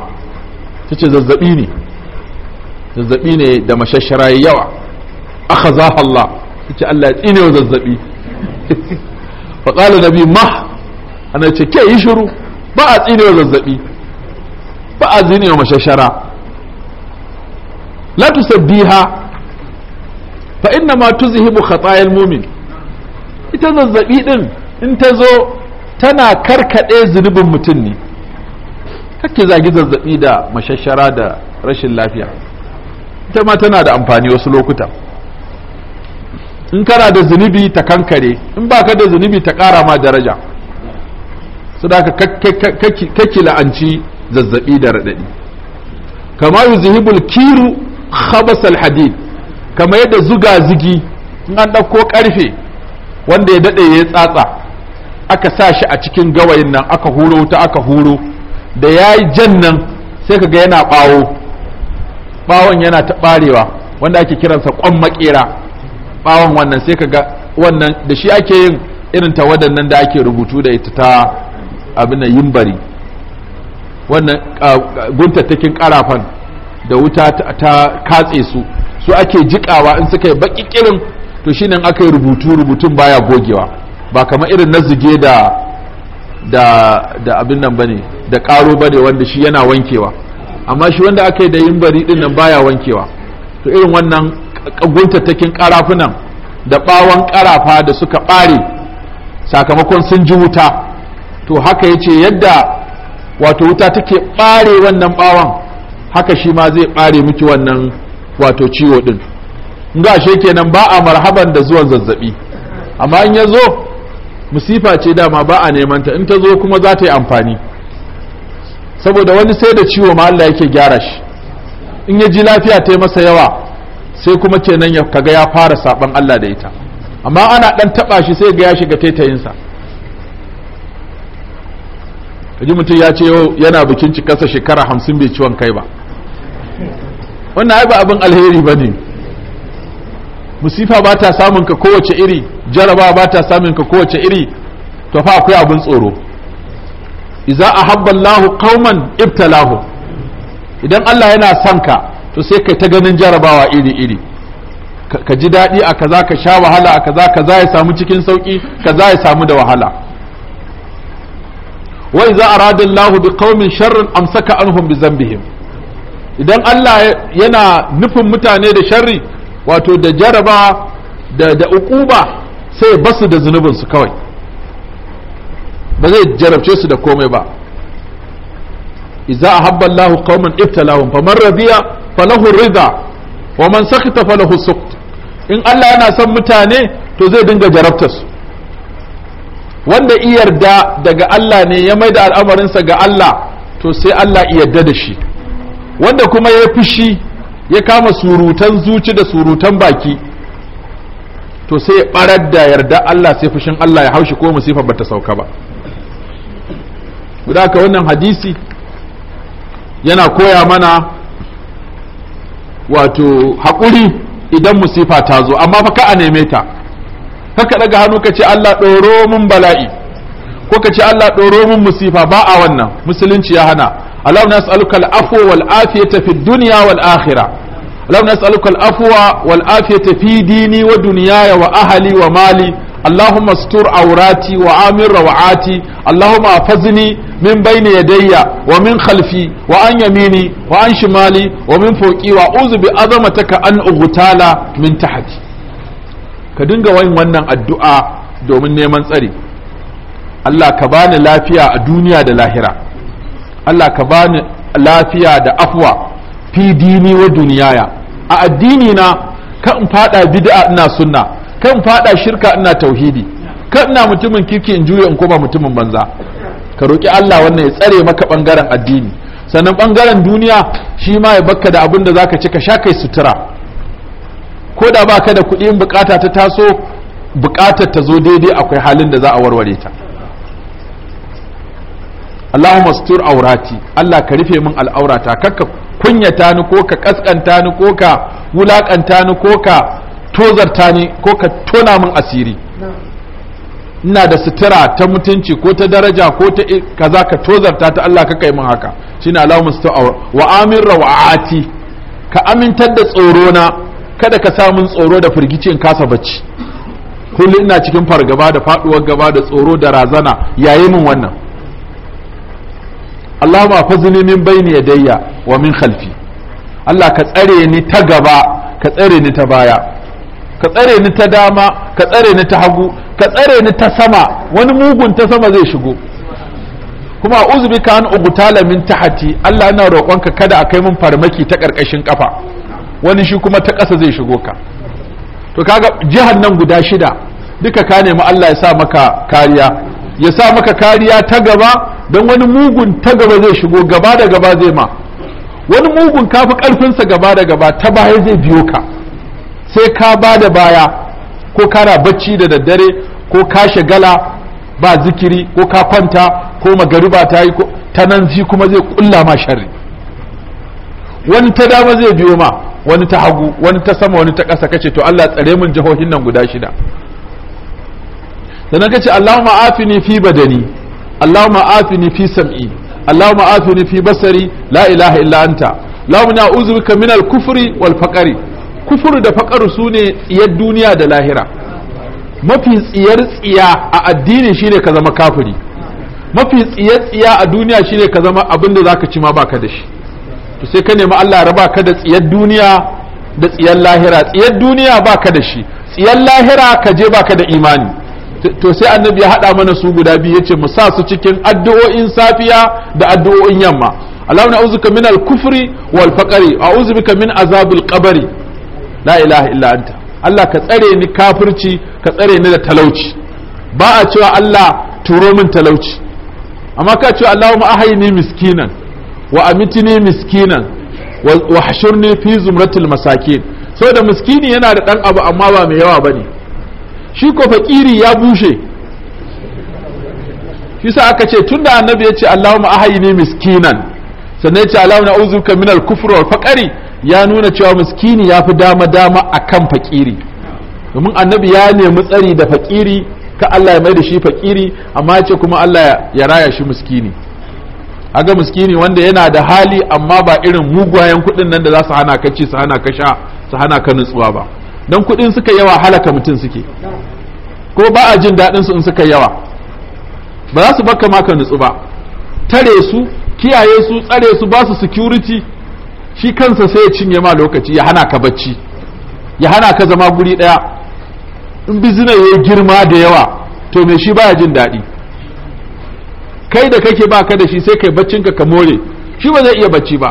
ta ce zazzabi ne zazzabi ne da mashashara yawa aka za Allah ta ce Allah ya tsine wa zazzabi fa nabi mah ana ce ke yi shiru ba a tsinewa zazzabi ba a wa mashashara la tusabbiha fa inna ma tuzhibu khatayal mu'min ita zazzabi din in ta zo tana karkade zunubin mutum ne kake zagi zazzabi da mashashara da rashin lafiya ita ma tana da amfani wasu lokuta in kana da zunubi ta kankare in ba ka da zunubi ta ƙara ma daraja su da kake la'anci zazzabi da raɗaɗi kama yi zuhibul kiru khabasal hadid kama yadda zuga zugi in an ɗauko ƙarfe wanda ya daɗe ya tsatsa aka sa shi a cikin gawayin nan aka huro ta aka huro da ya yi jan nan sai ka ga yana ɓawo ɓawon yana ta ɓarewa wanda ake kiransa ƙwan maƙera bawon wannan sai ka ga wannan da shi ake yin irin tawadar nan da ake rubutu da ita ta abin da yin bari wannan guntattakin karafan da wuta ta katse su su ake jikawa in suka yi baki kirin to nan aka yi rubutu rubutun baya gogewa ba kamar irin na zuge da da abin nan bane da karo bane wanda shi yana wankewa amma shi wanda aka yi da bari din nan baya wankewa to irin wannan guntattakin karafunan da bawon karafa da suka bare sakamakon sun ji wuta to haka yace yadda wato wuta take bare wannan bawon haka shi ma zai bare miki wannan wato ciwo din ga she kenan ba a marhaban da zuwan zazzabi amma in ya zo musifa ce dama ba a neman ta in ta zo kuma za ta yi amfani saboda wani sai da ciwo ma Allah yake gyara shi in ya ji lafiya ta yi masa yawa sai kuma kenan ya kaga ya fara saban Allah da ita amma ana dan taba shi sai ga ya shiga taitayinsa kaji mutum ya ce yana bikin cikarsa shekara hamsin bai ciwon kai ba wannan ai ba abin alheri ba ne musifa ba ta samun ka kowace iri jarabawa ba ta samun ka kowace iri to fa akwai abin tsoro idza ahabba Allah qauman ibtalahu idan Allah yana son ka to sai kai ta ganin jarabawa iri-iri ka ji daɗi a kaza ka sha wahala a kaza kaza ya samu cikin sauƙi kaza ya samu da wahala wa iza arada Allah bi qaumin sharrin amsaka anhum bi zambihim idan Allah yana nufin mutane da sharri wato da jaraba da da ukuba sai basu da zunubin su kawai ba zai jarabce su da komai ba idza ahabba Allah qauman ibtalahum faman radiya falahu rida wa man sakita falahu sukt in Allah yana son mutane to zai dinga jarabta su wanda iyarda daga Allah ne ya maida al'amarinsa ga Allah to sai Allah iyarda da shi wanda kuma ya fushi ya kama surutan zuci da surutan baki to sai barar da yarda Allah sai fushin Allah ya haushi ko musifa bata sauka ba guda ka wannan hadisi yana koya mana wato haƙuri idan musifa ta zo amma fa ka a neme ta kaka daga hannu ka ce Allah ɗoro mun bala'i ko ka ce Allah ɗoro mun musifa ba a wannan musulunci ya hana Allahumma nas'aluka al-afwa wal afiyata fid dunya wal akhirah Allahumma nas'aluka al wal afiyata fi dini wa dunyaya wa ahli wa mali اللهم استر عوراتي وآمن روعاتي اللهم أفزني من بين يدي ومن خلفي وعن يميني وعن شمالي ومن فوقي وأعوذ بعظمتك أن أغتال من تحتي كدنجا وين ونن الدعاء دومن نيمان تسري الله لا لافيا الدنيا دا لاهرة الله لا لافيا دا أفوى في ديني ودنيايا a نا na ka in fada bid'a ina sunna kan fada shirka ina tauhidi kan ina mutumin kirki in juye in koma mutumin banza ka roki Allah wannan ya tsare maka bangaren addini sannan bangaren duniya shi ma ya bakka da abin da zaka ci ka sha kai sutura ko da baka da kuɗi in bukata ta taso bukatar ta zo daidai akwai halin da za a warware ta Allahumma sutur aurati Allah ka rufe min al'aurata kakka kunyata ni ko ka kaskanta ni ko ka wulakanta ni ko ka tozarta ni ko ka tona min asiri ina da sutura ta mutunci ko ta daraja ko ta kaza ka tozarta ta Allah ka kai min haka shine alamu sta'awa wa amin rawati ka amintar da tsoro na kada ka samu tsoro da firgici kasa bacci kullum ina cikin fargaba da faduwar gaba da tsoro da razana yayi min wannan Allahumma fazni min bayni yadayya wa min khalfi Allah ka tsare ni ta gaba ka tsare ni ta baya ka tsare ni ta dama ka tsare ni ta hagu ka tsare ni ta sama wani mugun ta sama zai shigo kuma uzubi ka ugu talamin ta hati, Allah yana roƙonka kada a kai min farmaki ta ƙarƙashin ƙafa. wani shi kuma ta ƙasa zai shigo ka to kaga jihar nan guda shida duka ka nemi Allah ya sa maka kariya ya sa maka kariya ta gaba don wani mugun ta gaba zai shigo gaba da gaba zai ma wani mugun kafi ƙarfinsa gaba da gaba ta baya zai biyo ka sai ka ba da baya ko kana bacci da daddare ko ka shagala ba zikiri ko ka kwanta ko magariba ta yi ta nan zi kuma zai kulla ma sharri wani ta dama zai biyo ma wani ta hagu wani ta sama wani ta ƙasa kace to Allah tsare mun jihohin nan guda shida sannan kace Allahumma afini fi badani Allahumma afini fi sam'i Allahumma afini fi basari la ilaha illa anta Allahumma na'udhu bika min al-kufri wal faqri kufur da faƙaru su ne tsiyar duniya da lahira mafi tsiyar tsiya a addini shine ka zama kafiri mafi tsiyar tsiya a duniya shine ka zama abin da za ka ci ma baka da shi to sai ka nemi Allah raba ka da tsiyar duniya da tsiyar lahira tsiyar duniya baka da shi tsiyar lahira ka je baka da imani to sai annabi ya haɗa mana su guda biyu yace mu sa su cikin addu'o'in safiya da addu'o'in yamma Allahumma a'udhuka min al-kufri wal faqri a'udhu bika min azabil qabri la ilaha illa anta Allah ka tsare ni kafirci ka tsare ni da talauci ba a cewa Allah turo min talauci amma ka cewa Allahumma ahayni miskinan wa amitini miskinan wa hashurni fi zumratil masakin da miskini yana da dan abu amma ba mai yawa bane shi ko fakiri ya bushe shi sa aka ce tunda annabi ya ce Allahumma ahayni miskinan sannan ya ce Allahumma a'udhuka minal kufri wal faqri ya nuna cewa miskini ya fi dama dama kan faƙiri domin annabi ya nemi tsari da faƙiri ka Allah ya mai da shi fakiri amma ce kuma Allah ya raya shi miskini aga miskini wanda yana da hali amma ba irin mugwayen kuɗin nan da za su hana ka ci su hana ka sha su hana ka nutsuwa ba don kuɗin suka yawa halaka mutum suke ko ba a jin daɗin su in suka yawa ba za su baka maka nutsu ba tare su kiyaye su tsare su ba su security shi kansa sai ya cinye ma lokaci ya hana ka bacci ya hana ka zama guri daya in bizina ya girma da yawa to me shi baya jin daɗi kai da kake baka da shi sai kai baccinka ka more shi ba zai iya bacci ba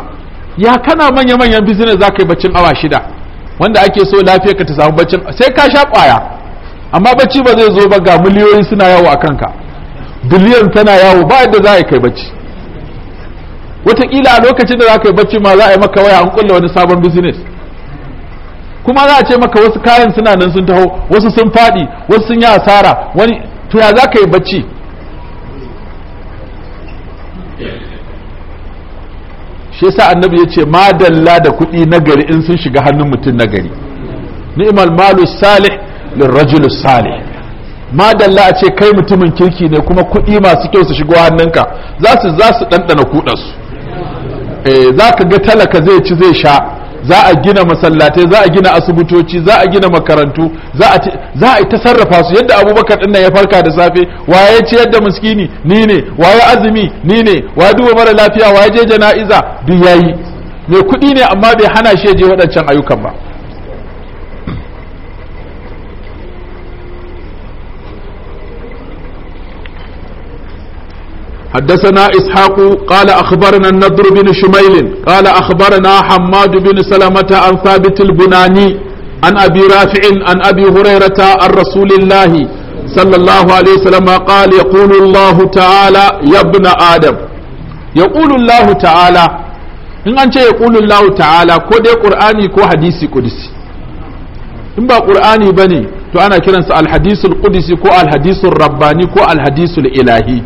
ya kana manya-manyan business za ka yi baccin awa shida wanda ake so lafiyarka ta samu baccin sai ka sha kwaya amma bacci ba zai zo ba ga miliyoyi suna yawo a kanka biliyan tana yawo ba yadda za a kai bacci wataƙila a lokacin da za ka yi bacci ma za a yi maka waya an kulle wani sabon business kuma za a ce maka wasu kayan suna nan sun taho wasu sun faɗi wasu sun yi asara wani to ya za ka yi bacci shi yasa annabi ya ce madalla da kuɗi nagari in sun shiga hannun mutum nagari ni'mal malu salih rajul salih madalla a ce kai mutumin kirki ne kuma kuɗi masu kyau su shigo hannunka za su za su ɗanɗana kuɗansu Eh, za ka ga talaka zai ci zai sha za a gina masallatai za a gina asibitoci za a gina makarantu za a ta sarrafa su yadda abubakar ɗin ya farka da safe waye ci yadda muskini ni ne waye azumi ni ne waye duba mara lafiya waye je jana'iza duk yayi mai kuɗi ne amma bai hana shi je waɗancan ayyukan ba حدثنا إسحاق قال أخبرنا النضر بن شميل قال أخبرنا حماد بن سلمة عن ثابت البناني عن أبي رافع عن أبي هريرة عن رسول الله صلى الله عليه وسلم قال يقول الله تعالى يا ابن آدم يقول الله تعالى in an ce ya Allah ta'ala ko dai qur'ani ko hadisi kudisi in ba qur'ani bane to ana kiransa alhadisul qudsi ko alhadisul rabbani ko alhadisul ilahi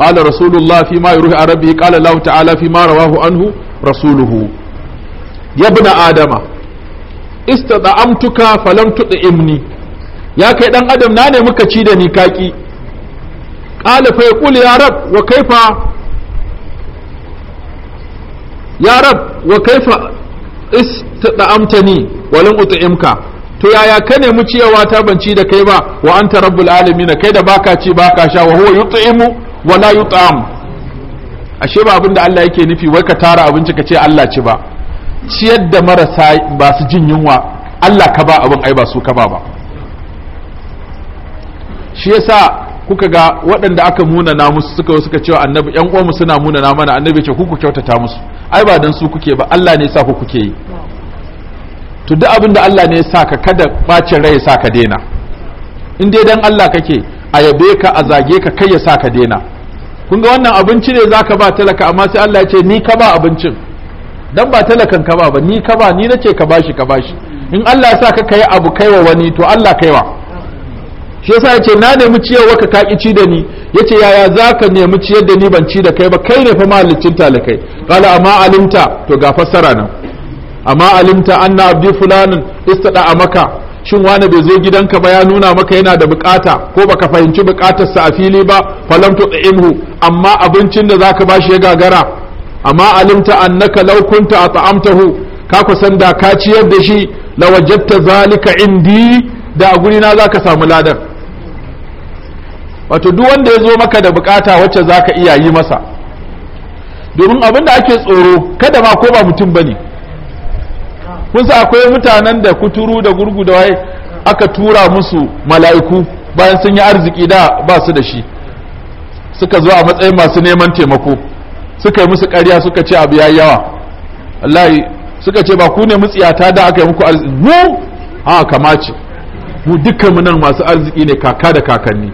qala rasulullah fi ma yuruhi arabi qala allah ta'ala fi ma rawahu anhu rasuluhu ya ibn adama istada'amtuka falam tud'imni ya kai dan adam na ne muka ci da ni kaki qala fa ya rab wa kaifa ya rab wa kaifa to yaya ka nemi ciyawa ta ban ci da kai ba wa anta rabbul alamin kai da baka ci baka sha wa huwa yut'imu wala yut'am ashe ba abin da Allah yake nufi wai ka tara abinci ka ce Allah ci ba ciyar da marasa ba su jin yunwa Allah ka ba abin ai ba su ka ba ba shi yasa kuka ga waɗanda aka munana musu suka suka cewa annabi yan uwanmu suna munana mana annabi ce ku kyautata musu ai ba dan su kuke ba Allah ne sa ku kuke yi to duk abin da Allah ne ya ka kada bacin rai ya ka daina in dai dan Allah kake a yabe ka a zage ka kai ya ka daina kun ga wannan abinci ne za ka ba talaka amma sai Allah ya ce ni ka ba abincin dan ba talakan ka ba ba ni ka ba ni nace ka bashi ka bashi in Allah ya sa ka kai abu kaiwa wani to Allah kaiwa shi yasa ya na nemi ciyarwa ka kaki ci da ni yace yaya zaka nemi ciyar da ni ban ci da kai ba kai ne fa mahallicin talakai qala amma alimta to ga fassara nan amma alimta anna abdi fulanin istada maka shin wani bai zo gidanka ba ya nuna maka yana da bukata ko baka fahimci bukatarsa a fili ba falam tud'imhu amma abincin da zaka bashi ya gagara amma alimta annaka law kunta at'amtahu ka kusan da ka ciyar da shi lawajjatta zalika indi da a guri na zaka samu ladan wato duk wanda ya zo maka da bukata wacce zaka iya yi masa domin abin da ake tsoro kada ma ko ba mutum bane kun sa akwai mutanen da kuturu da gurgu da waye aka tura musu mala'iku bayan sun yi arziki da ba su da shi suka zo a matsayin masu neman taimako suka yi musu ƙarya suka ce abu yayi yawa wallahi suka ce ba ku ne mutsiyata da aka yi muku arziki mu a kamace mu dukkan mu nan masu arziki ne kaka da kakanni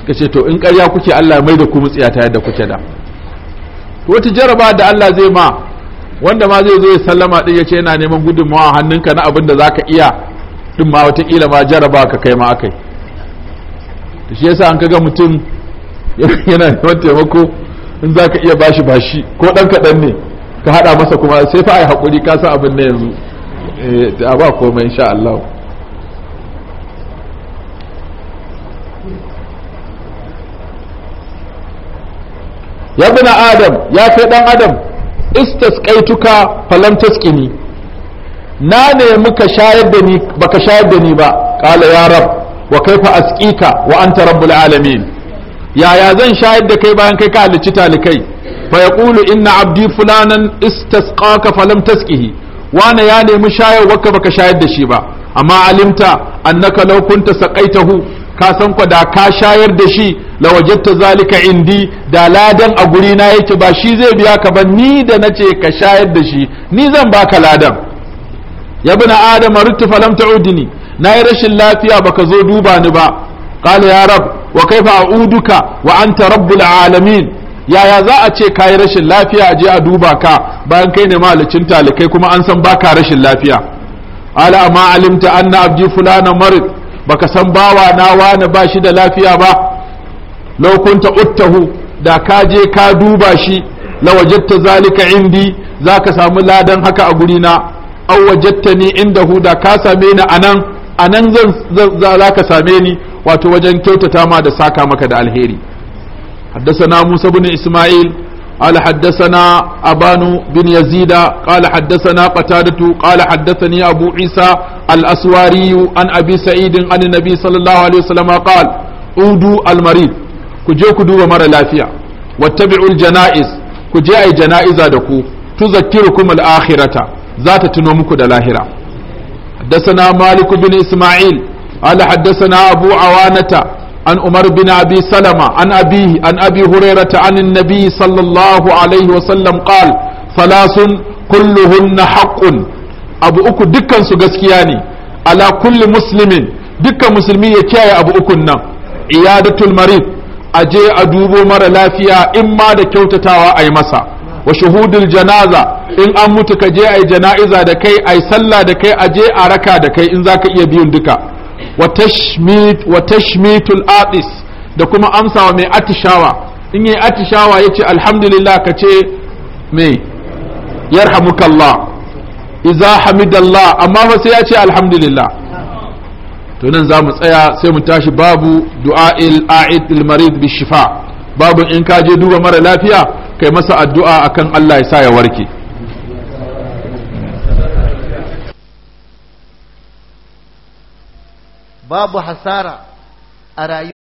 suka ce to in ƙarya kuke Allah mai da ku mutsiyata yadda kuke da to wata jaraba da Allah zai ma wanda ma zai zo ya sallama din ya ce yana neman gudunmawa hannunka na abin da zaka iya din ma kila ma jaraba ka kai ma akai to shi yasa an kaga mutum yana neman taimako in za ka iya bashi bashi ko ɗan kaɗan ne ka haɗa masa kuma sai fa a yi haƙuri ka san abin na yanzu eh, da ba komai insha Allah ya bi na adam ya kai ɗan adam istasqaituka falam taskini na nemi ka shayar da ni baka shayar da ni ba qala ya rab wa kaifa asqika wa anta rabbul alamin yaya zan shayar da kai bayan kai ka halicci talikai fa yaqulu inna abdi fulanan istasqaka falam tasqihi wana ya nemi shayarwarka ka baka shayar da shi ba amma alimta annaka law kunta saqaitahu ka san ko da ka shayar da shi lawajatta zalika indi da ladan a guri na yake ba shi zai biya ka ba ni da nace ka shayar da shi ni zan baka ladan ya na adam rutu falam ta'udini na yi rashin lafiya baka zo duba ni ba kala ya rab wa kaifa a'uduka wa anta rabbul alamin yaya za a ce yi rashin lafiya a je a duba ka bayan kai ne malicin talikai kuma an san baka rashin lafiya ala amma alimta anna abdi fulana marid baka san bawa na wani ba shi da lafiya ba law kunta uttahu da ka je ka duba shi la lawajatta zalika indi zaka samu ladan haka a gurina aw inda indahu da ka same ni anan a nan za ka same ni wato wajen kyautata ma da saka maka da alheri حدثنا موسى بن إسماعيل قال حدثنا أبان بن يزيد قال حدثنا قتادة قال حدثني أبو عيسى الأسواري عن أبي سعيد عن النبي صلى الله عليه وسلم قال أودوا المريض كجي كدو مرة لافية واتبعوا الجنائز كجي أي جنائز دكو تذكركم الآخرة ذات تنومك دلاهرة حدثنا مالك بن إسماعيل قال حدثنا أبو عوانة عن عمر بن أبي سلمة عن أبيه عن أبي هريرة عن النبي صلى الله عليه وسلم قال ثلاث كلهن حق أبو أكو دكا سجسكياني على كل مسلم دكا مسلمي يكاي أبو أكونا عيادة المريض أجي أدوبو مر لافيا إما دكوتتاوا أي مسا wa shuhudul janaza in an mutu ka je ai jana'iza da kai ai sallah da kai aje a raka da kai in zaka iya biyun duka wa tashmit wa tashmitul da kuma amsawa mai atishawa in yi atishawa yace alhamdulillah ka ce me yarhamukallah idza hamidallah amma fa sai ya ce alhamdulillah to nan za mu tsaya sai mu tashi babu du'a'il a'id al marid bi shifa babu in ka je duba mara lafiya kai masa addu'a akan Allah ya sa ya warke babu hasara a rayuwa